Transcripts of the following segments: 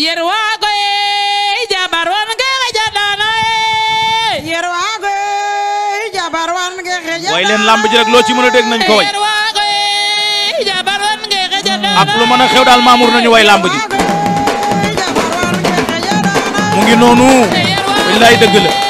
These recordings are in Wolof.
yerwago e jabar wonge xejaɗano e yerwago e jabar wonge xejaɗano way leen lamb ji rek loo ci mën a dégg nañ ko way yerwago e jabar ak lu mën a xew daal maamur nañu way lamb ji mu ngi noonu wallaay dëgg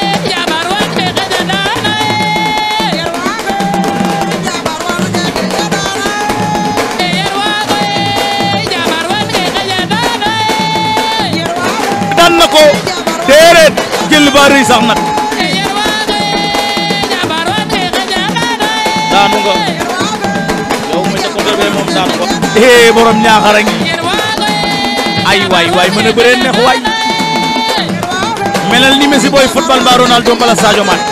daa nag daanu nga yow ma ca côté bee moom daanu ko eh borom ñaaxara ay waay waay mën a bëree neex waay melal ni Messi booy football mbaa Ronaldo mbala Sadio Mané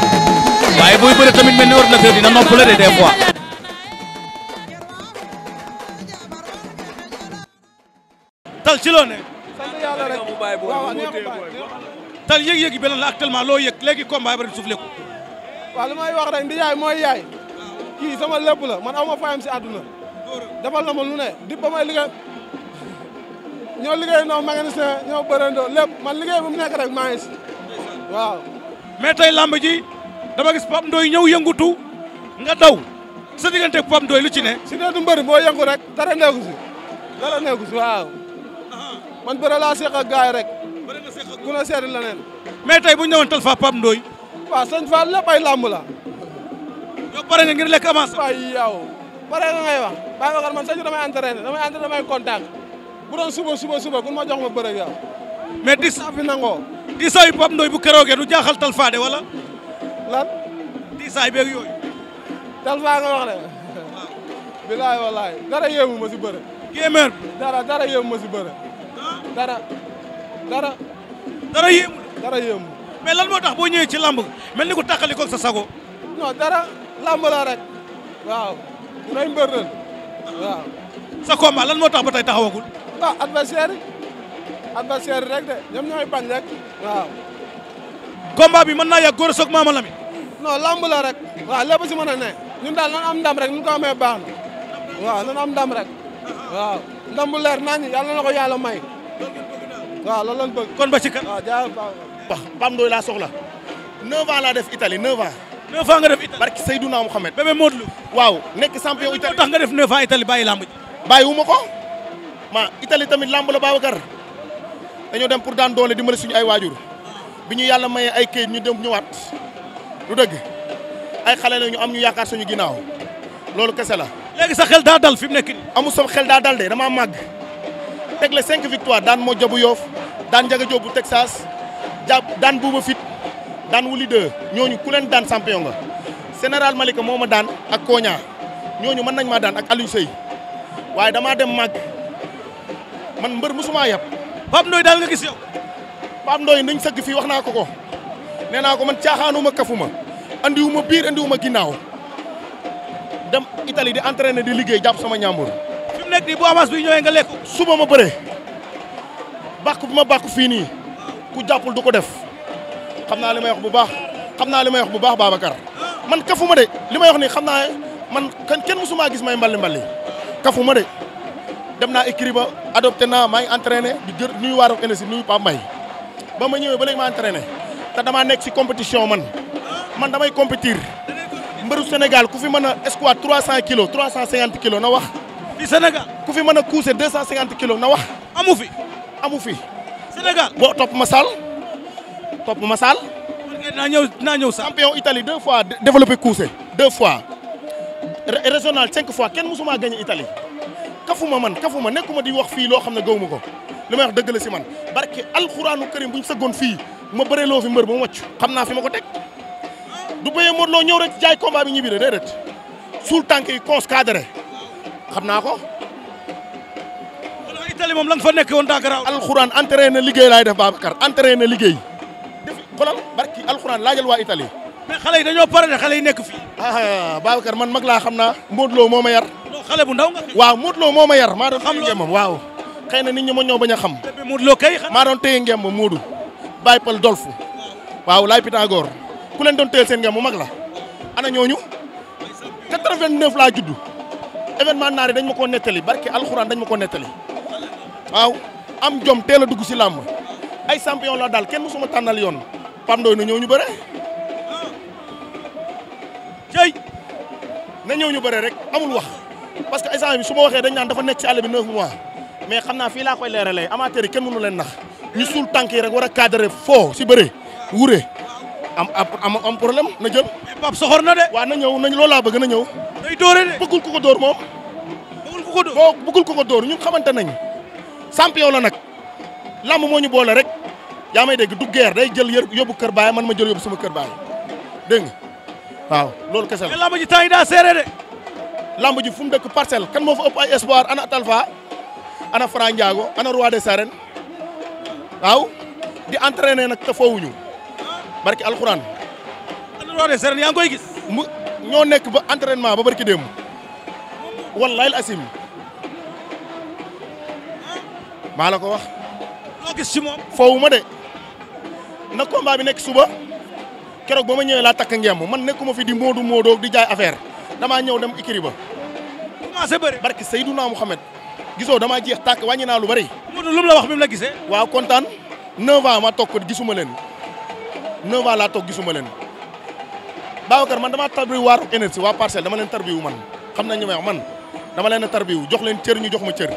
waaye booy bëre tamit mel ni dina noppale de des fois. tax tal yëg-yëg yi beneen la actuellement loo yëg léegi combat bari suuf leku waaw li may wax rek ndi yaay mooy yaay kii sama lépp la man aw ma fayam si àdduna defal na ma lu ne ba may liggéey ñoo liggéey noo magasin ñoo bërëndoo lépp man liggéey bu mu nekk rek maa waaw mais tey lamb ji dama gis Pape Ndoye ñëw yëngutu nga daw sa diggante ak Pape Ndoye ci ne si ne du boo yëngu rek dara neeku si dara neeku si waaw uh-huh. man bëre laa seq ak rek gën a seeti leneen. mais tey bu ñu ñëwoon Talfa Pape Ndoye. waaw sëñ Fall lépp ay làmb la. yow pare nga ngir lekk avance. waay yow pare nga ngay wax bàyyi waxal man sëñ bi damay entraîné damay suba suba suba kun ma jox ma bëre yow. mais di saa fi nangoo. di saa yu Pape Ndoye bu keroogee jaaxal Talfa de wala. lan. di saa yooyu. Talfa nga bilaay walaay dara yéemu ma si bëre. dara dara yéemu ma si ah. dara dara. dara yéemu dara lal mais moo tax boo ñëwee ci lamb mel ni ko tàqali ko sa sago dara lamb la rek waaw dunay mbër lan waaw sa combat lan moo tax ba tay taxawagul waaw ah, adversaire adversaire rek de ñoom ñooy bañ rek waaw combat bi mën naa yàgg góor soog maama Lamine non lamb la rek waaw lépp si mën a ne ñun daal nan am ndam rek ñu ko amee baax na waaw nan am ndam rek waaw ndam bu leer nañu yàlla na ko yàlla may waaw loolu lañ bëgg kon ah, ba ci kan. waaw jaajëf wax Pape Ndoye laa soxla. 9 ans laa def Italie 9 ans. 9 ans nga def Italie barki Seydouna Mohamed. Bébé Modou Lô. waaw nekk champion Italie tax nga def 9 ans Italie bàyyi lamb ji. bàyyi wu ma ko ma Italie tamit lamb la Babacar dañoo dem pour daan doole dimbali suñu ay waajur bi ñu yàlla maye ay kayit ñu dem ñëwaat du dëgg ay xale la ñu am ñu yaakaar suñu ginnaaw loolu kese la. léegi sa xel daa dal fi mu nekk amu soo sa xel daa dal de damaa màgg. teg la cinq victoire daan moo jabu yoof daan njaga jóob bu Texas jàpp daan buuba fit daan wuli deux ñooñu ku leen daan champion nga général Malika moo ma daan ak Koña ñooñu mën nañ maa daan ak Aliou Seye waaye damaa dem màgg man mbër mosumaa yab Pape Ndoye daal nga gis yow Pape Ndoye nañ sëgg fii wax naa ko ko nee naa ko man ma caaxaanuma kafuma andiwuma biir andiwuma ginnaaw dem Italie di entraîner di liggéey jàpp sama ñaambur nekk di bu avance bi nga lekk. suba ma bëre bàkk bu ma bàkk fii nii ku jàppul du ko def xam naa li may wax bu baax xam naa li may wax bu baax Babacar man kafu ma de li may wax nii xam naa man kenn mësumaa gis may mballi mballi kafu ma de dem naa écrit ba adopté naa maa ngi entraîné di jër nuyu waa Rock Énergie nuyu Pape ma ñëwee ba léegi ma entraîné te damaa nekk si compétition man man damay compétir mbëru Sénégal ku fi mën a escouade 300 kilos 350 kilos na wax. ci Sénégal ku fi mën a coucher deux cent cinquante kilos na wax. amu fi amu fi. Sénégal boo top ma Sall topp ma Sall. naa ñëw naa ñëw Sall. champion Italie deux fois développé coucher deux fois régional cinq fois kenn musuma gagné Italie ma man ma nekk ma di wax fii loo xam ne gawuma ko li may wax dëgg la si man barke alxuraanu karim bu ñu sëggoon fii ma bëree loo fi mbër ba mu wàcc xam naa fi ma ko teg ah. du bëyee Modou Lo ñëw rek jaay combat bi ñibbi de déedéet suul tànk yi cons cadré xam naa ko. wala moom la fa nekk woon daa garaaw. alxuraan na liggéey laay def Babacar entraîné liggéey. def xolal barki alxuraan laajal waa Italie. xale yi dañoo pare xale yi nekk fii. ah man mag laa xam naa. Modou Lo moo ma yar. xale bu ndaw nga. waaw Modou Lo moo ma yar maa doon. xam loolu moom waaw. xëy na nit ñi ma ñoo bañ a xam. mais Modou Lo kay. maa doon téye ngemb Modou. Baye Pal Dolfu. waaw laay Pythagore. ku leen doon téye seen ngemb mag la. ana ñooñu. 89 laa judd. événement naar dañ ma koo nettali barke alxuraan dañ ma ko nettali waaw am jom teel a dugg si làmb ay champion la daal kenn musuma tànnal yoon Pam doy na ñëw ñu bëre. cey na ñëw ñu bëre rek amul wax parce que instant bi su ma waxee dañ naan dafa nekk si àll bi 9 mois mais xam naa fii laa koy leeralee amateur yi kenn mënu leen nax ñu suul tànk rek war a cadré foo si bëre wure. am am am problème na jël. mais Pape soxor na de. waaw na ñëw nañ loolu laa bëgg na ñëw. day dóore de. bëggul ku ko dóor moom. bëggul ko dóor boo bëggul ku ko dóor ñun xamante nañ champion la nag lamb moo ñu boole rek yaa may dégg du guerre day jël yobu kër baay man ma jël yóbbu sama kër baay dégg nga waaw loolu kese la. mais lamb ji temps yi daa seere de. lamb ji fu mu dëkk parcelle kan moo fa ëpp ay espoir an a ana Franc Ndiago ana Roi des Arènes waaw di entraîner nag te foowuñu barki alxuraan. alxuraan Sène yaa ngi koy gis. mu ñoo nekk ba entraînement ba barki démb wallaay al asim maa la ko wax. loo gis ma de na combat nekk suba keroog ba ma ñëwee laa takk ngeem man nekkuma fi di moodu moodoo di jaay affaire damaa ñëw dem ikiri ba. commencé bëri. barki gisoo damaa jeex tàkk wàññi naa lu bëri. Modou lu la wax bi mu la gisee. waaw kontaan 9 ma toog ko gisuma leen. neuf ans laa toog gisuma leen baaw Babacar man damaa tarbiwu waa Rock Énergie waa parcelle dama leen tarbiwu man xam nañ ñu may man dama leen a tarbiwu jox leen cër ñu jox ma cër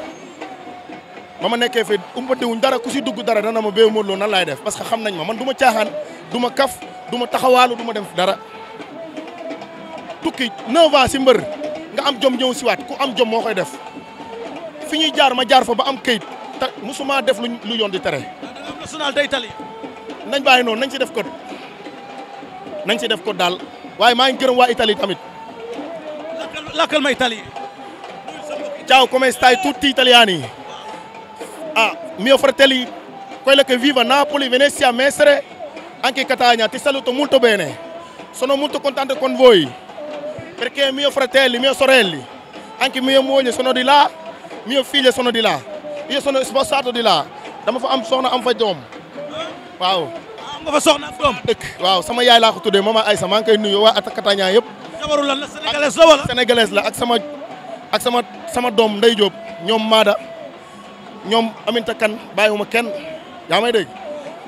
ma ma nekkee fii wuñ dara ku si dugg dara dana ma béy Modou Lo nan laay def parce que xam nañ ma man du ma caaxaan du ma kaf du ma taxawaalu du ma def dara tukki neuf si mbër nga am jom ñëw siwaat ku am jom moo koy def fi ñuy jaar ma jaar fa ba am kayit te def lu lu yoon di tere national day nañ bàyyi noonu nañ ci def code nañ ci def code daal waaye maa ngi gërëm waa Italie tamit. lakkal ma Italie. ciao come stai tutti italiani. ah mio fratelli quello che vive a Napoli Venezia Mestre anche ti saluto molto bene sono molto contento con voi perché mio fratelli mie sorelle anche mia moglie sono di là mio figlio sono di là io sono sposato di là dama fa am soxna am fa doom waaw. am nga waaw sama yaay laa ko tuddee maman Aïssa maa ngi koy nuyu waa Atakataña yëpp. jabaru lan la sénégalaise la la ak sama sama sama doom nday Diop ñoom Maada ñoom Aminta Kan bàyyiwuma kenn yaa may dégg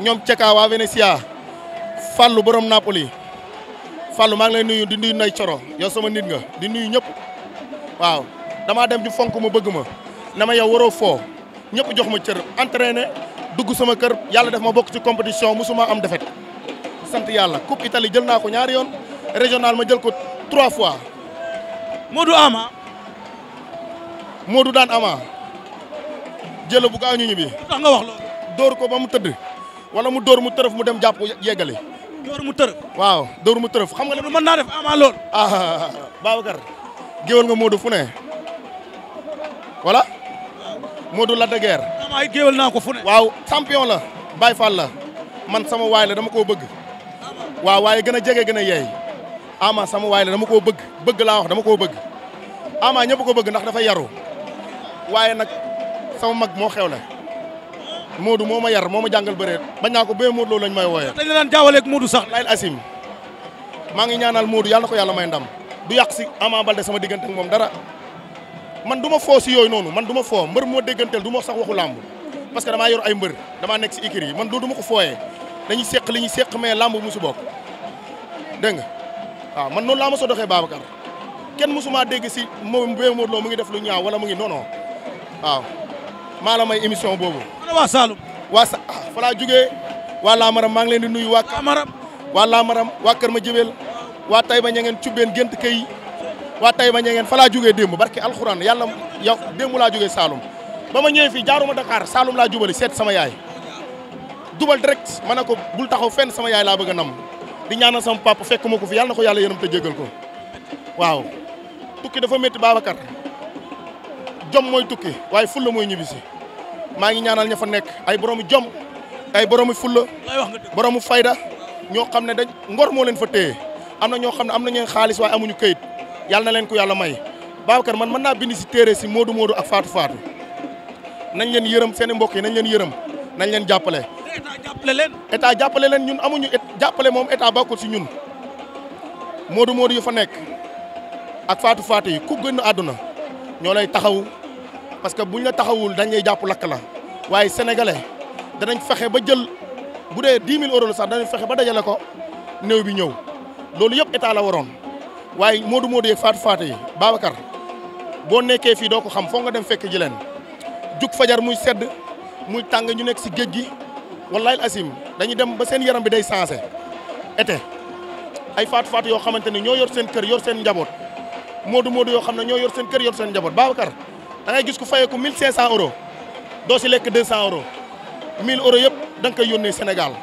ñoom cekaa waa Venetia Fallou borom Napoli Fallou maa ngi lay nuyu di nuyu Ndey Coro yow sama nit nga di nuyu ñëpp waaw damaa dem di fonk ma bëgg ma na ma yow waroo foo ñëpp jox ma cër entraîné. dugg sama kër yàlla def ma bokk ci compétition musuma am défaite sant yàlla coupe Italie jël naa ko ñaari yoon régional ma jël ko trois fois. Modou Ama. Modou daan Ama jël bu gaañu ñu bi. tax nga wax loolu. dóor ko ba mu tëdd wala mu dóor mu tërëf mu dem jàpp yeggale. dóor mu tërëf. waaw dóor mu tërëf xam nga. man naa def Ama lool. ah, ah, ah, ah. Babacar géwal nga Modou fu ne voilà Modou Lac de Guiers. moment it naa ko fu waaw champion la baay Fall la man sama waay la dama koo bëgg waaw waaye gën a jege gën a yeey ama sama waay la dama koo bëgg bëgg laa wax dama koo bëgg ama ñëpp ko bëgg ndax dafa yaru waaye nag sama mag moo xew la Modou moo ma yar moo ma jàngal bëreet bañ naa ko bee Modou loolu may wooyee. dañ la daan jaawaleeg sax. Layl maa ngi ñaanal Modou yàlla na ko yàlla may ndam du yàq si Ama Baldé sama diggante moom dara. man duma foo si yooyu noonu man duma foo mbër moo dégganteel du ma sax waxu làmb parce que damaa yor ay mbër damaa nekk si écurie yi man du ma ko fooyee dañuy seq li ñuy seq mais làmb musu bokk dégg nga waaw man noonu laa ma soo doxee Babacar kenn musumaa dégg si moom bee Modou Lo mu ngi def lu ñaaw wala mu ngi non non maa la may émission boobu. waa Saloum. waa sa ah, fa laa jugee waa Lamaram maa ngi leen di nuyu waa. Lamaram waa Lamaram waa Kër Madiabel waa Taïba ña ngeen cubbeen gént kay. waa tay ma ñee ngeen fa laa jógee démb barke alxuraan yàlla yow démb laa jógee Saalum ba ma ñëwee fii jaaruma Dakar Saalum laa jubali seet sama yaay jubal direct ma ne ko bul taxaw fenn sama yaay laa bëgg a nam di ñaanal sama papa fekk ma ko fi yàlla na ko yàlla yërëm te jégal ko waaw tukki dafa métti Babacar jom mooy tukki waaye fulla mooy ñibbisi maa ngi ñaanal ña fa nekk ay boroomi jom ay boroomi fulla boroomu fayda ñoo xam ne dañ ngor moo leen fa téye am na ñoo xam ne am nañu xaalis waaye amuñu kayit yàlla na leen ko yàlla may Babacar man man naa bind si si Modou Modou ak Fatou Fatou nañ leen yërëm seen i mbokk yi nañ leen yërëm nañ leen jàppale. état jàppale leen. état jàppale leen ñun amuñu jàppale moom état bokkul si ñun Modou Modou yu fa nekk ak faatu Fatou yi ku gën àdduna ñoo lay taxaw parce que buñ la taxawul dañ lay jàpp lakk la waaye sénégalais danañ fexe ba jël bu dee 10 000 euros sax danañ fexe ba dajale ko néew bi ñëw loolu yëpp état la waroon. waaye moodu moodu yeeg faatu faatu yi Babacar boo nekkee fii doo ko xam foo nga dem fekk ji leen jug fajar muy sedd muy tàng ñu nekk si géej gi wallahi asim dañuy dem ba seen yaram bi day sensé été ay faatu faatu yoo xamante ni ñoo yor seen kër yor seen njaboot moodu moodu yoo xam ne ñoo yor seen kër yor seen njaboot Babacar da i gis ku fayee ko 1500 euros doo si lekk 200 euros 1000 euros yëpp da nga koy yónnee senegal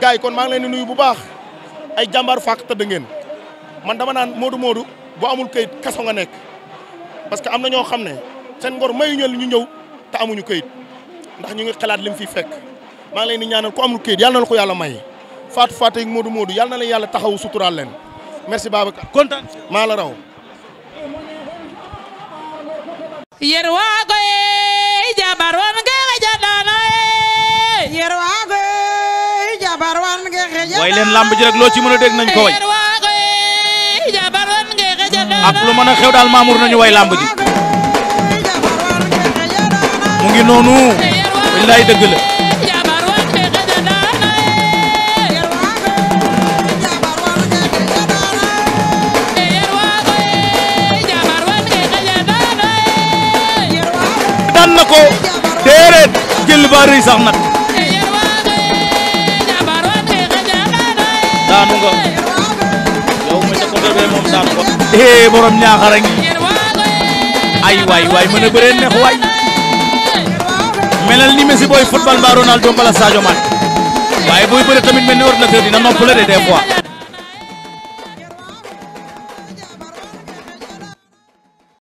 gars yi kon maa ngi leen di nuyu bu baax ay jàmbaar fàq tëdd ngeen. man dama naan moodu moodu boo amul kayit kaso nga nekk parce que am na ñoo xam ne seen ngor mayuñu ñu ñëw te amuñu kayit ndax ñu ngi xalaat lim fi fekk maa ngi leen di ñaanal ku amul kayit yàlla na la ko yàlla may faatu faatu ak moodu moodu yàlla na la yàlla taxawu suturaal leen merci Babacar kontaan maa la raw yer waago ye jabar wan ge xejandaano ye yer waago ye jabar wan ge xejandaano way nañ ko ak lu mën a xew daal Mamour nañu way làmb ji mu ngi noonu billaay dëgg la daan na ko déedéet jël ba nag daanu nga yow mi sa ko bébé moom daanu ko eh borom ñaaxara ngi ay waay waay mën a bëree neex waay melal ni Messi booy football mbaa Ronaldo mbala Sadio Mané waaye booy bëre tamit mel ni ordinateur dina noppale de des fois.